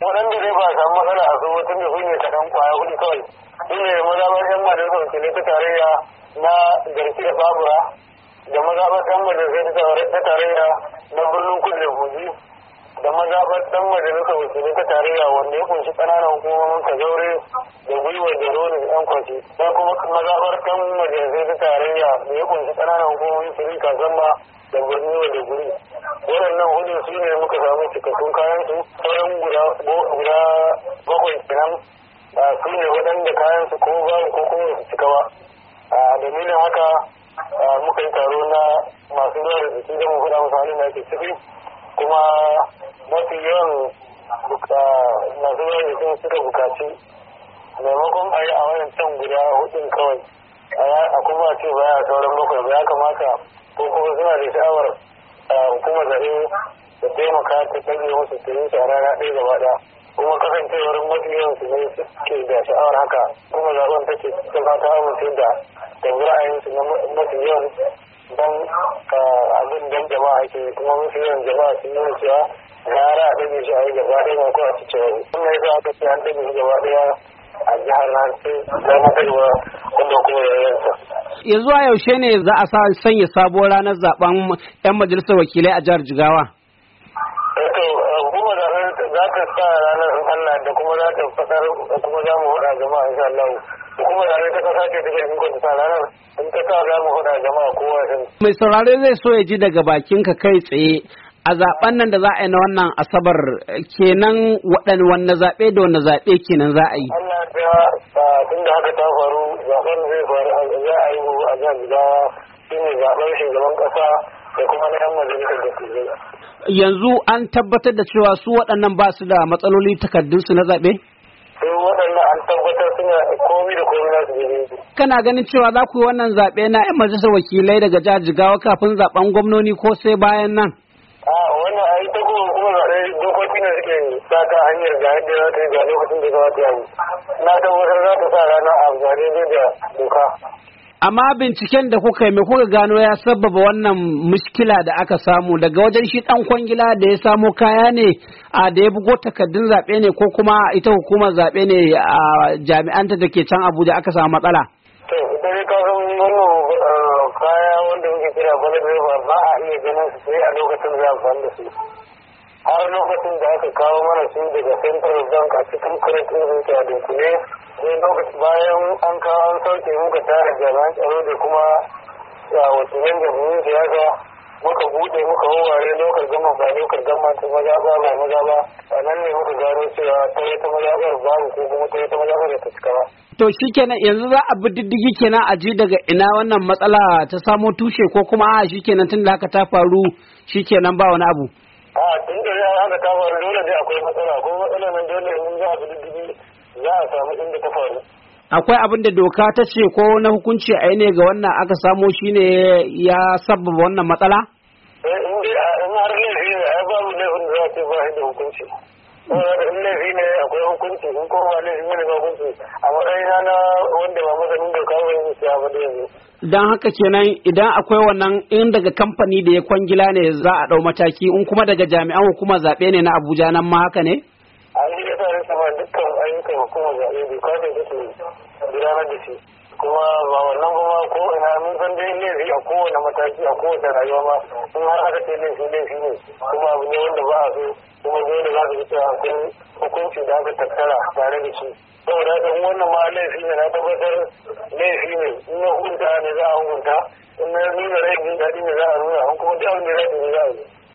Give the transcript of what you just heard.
waɗanda zai ba samu matsala a zuwa tun da su ne kaɗan kwaya hudu kawai su ne mazaɓar yan majalisar su ne ta tarayya na garki da babura da mazaɓar yan zai ta tarayya na birnin kudu da buji da mazaɓar ɗan majalisar wakilai ta tarayya wanda ya kunshi ƙananan hukumomin kazaure da gwiwar da roni da ɗan kwace sai kuma mazaɓar ɗan majalisar ta tarayya da ya kunshi ƙananan hukumomin su ne zamba. da birni da guri waɗannan hudu su ne muka samu cikakkun kayan su sauran guda bakwai kenan ah, su ne waɗanda kayan su ko babu ko kuma su cika ba ah, dalilin haka ah, muka yi taro na masu ruwa da jiki don mu faɗa musu halin da ake ciki kuma mafi yawan masu ruwa da jiki suka bukaci maimakon a yi a wayan can guda hudun kawai a kuma ce baya sauran bakwai ba ya kamata ko kuma suna da sha'awar hukumar zaɓe da taimaka ta canje musu su yi shara na ɗaya gaba ɗaya kuma kasancewar mafi yawan su ne suke da sha'awar haka kuma zaɓen take cikin fata amince da da ra'ayinsu na mafi don abin don jama'a ke kuma mafi jama'a sun nuna cewa gara a ɗage shi a yi gaba ɗaya ko a cikin wani. Kuma yasa aka ce an ɗage shi gaba ɗaya a jihar nan sai zama kaiwa kuma kuma yayyarsa. ya zuwa yaushe ne za a sanya sabuwar ranar zaben 'yan majalisar wakilai a jihar Jigawa? Eh, sa ranar Allah da kuma za mu jama'a kuma ta ranar in ta sa za mu jama'a mai saurare zai so ya ji daga bakin ka kai tsaye a zaben nan da za a yi na wannan asabar kenan waɗanne wanne zaɓe da wanne zaɓe kenan za a yi Allah ya tun da haka ta faru zaben zai faru za a yi a jihar Jigawa shi ne zaben shugaban ƙasa da kuma na yan majalisar da ke Yanzu an tabbatar da cewa su waɗannan ba su da matsaloli takardunsu na zaɓe? Su waɗannan an tabbatar suna komi da komi na su Kana ganin cewa za ku yi wannan zaɓe na 'yan majalisar wakilai daga jihar Jigawa kafin zaɓen gwamnoni ko sai bayan nan? rike ta ta hanyar za ta yi ga lokacin da za ta yi na tabbatar za ta sa rana a amfani da doka amma binciken da kuka yi kuka gano ya sabbaba wannan muskila da aka samu daga wajen shi dan kwangila da ya samo kaya ne a da ya bugo takardun zaɓe ne ko kuma ita hukumar zaɓe ne a jami'anta da ke can abuja aka samu matsala to ita ne kasan kaya wanda muke kira kwalibir ba a iya ganin su sai a lokacin da amfani da su har lokacin da aka kawo mana su daga central bank a cikin kuratun zuciya dunkule sai lokacin bayan an kawo an sauke muka tara jami'an tsaro da kuma ya wasu yan jami'in siyasa muka bude muka waware lokar gama ba lokar gama ta maza ba ba maza ba a nan ne muka gano cewa ta wata mazaɓar ba ko kuma ta wata mazaɓar da ta cika ba. to shi kenan yanzu za a bi diddigi kenan a ji daga ina wannan matsala ta samo tushe ko kuma a shi kenan tun da haka ta faru shi kenan ba wani abu. da ta faru dole dai akwai matsala ko matsala nan dole in za a bi diddigi za a samu inda ta faru akwai abin da doka ta ce ko na hukunci a ne ga wannan aka samo shi ne ya sabbaba wannan matsala? Eh, in har laifi ne ai babu laifin da za a ce ba da hukunci Don haka kenan idan akwai wannan in daga kamfani da ya kwangila ne za a ɗau mataki in kuma daga jami'an hukumar zaɓe ne na Abuja nan ma haka ne? An yi sama dukkan ayyukan hukumar zaɓe bai kwace da su gudanar da shi. kuma ba wannan kuma ko ina mun san dai laifi a kowane mataki a kowace rayuwa ma in har aka ce laifi laifi ne kuma abu ne wanda ba a so kuma dole za su ji cewa akwai hukunci da aka tattara tare da shi saboda haka in wannan ma laifi ne na tabbatar laifi ne in na hukunta ne za a hukunta in na nuna rai jin daɗi ne za a nuna in kuma duk abin da za a yi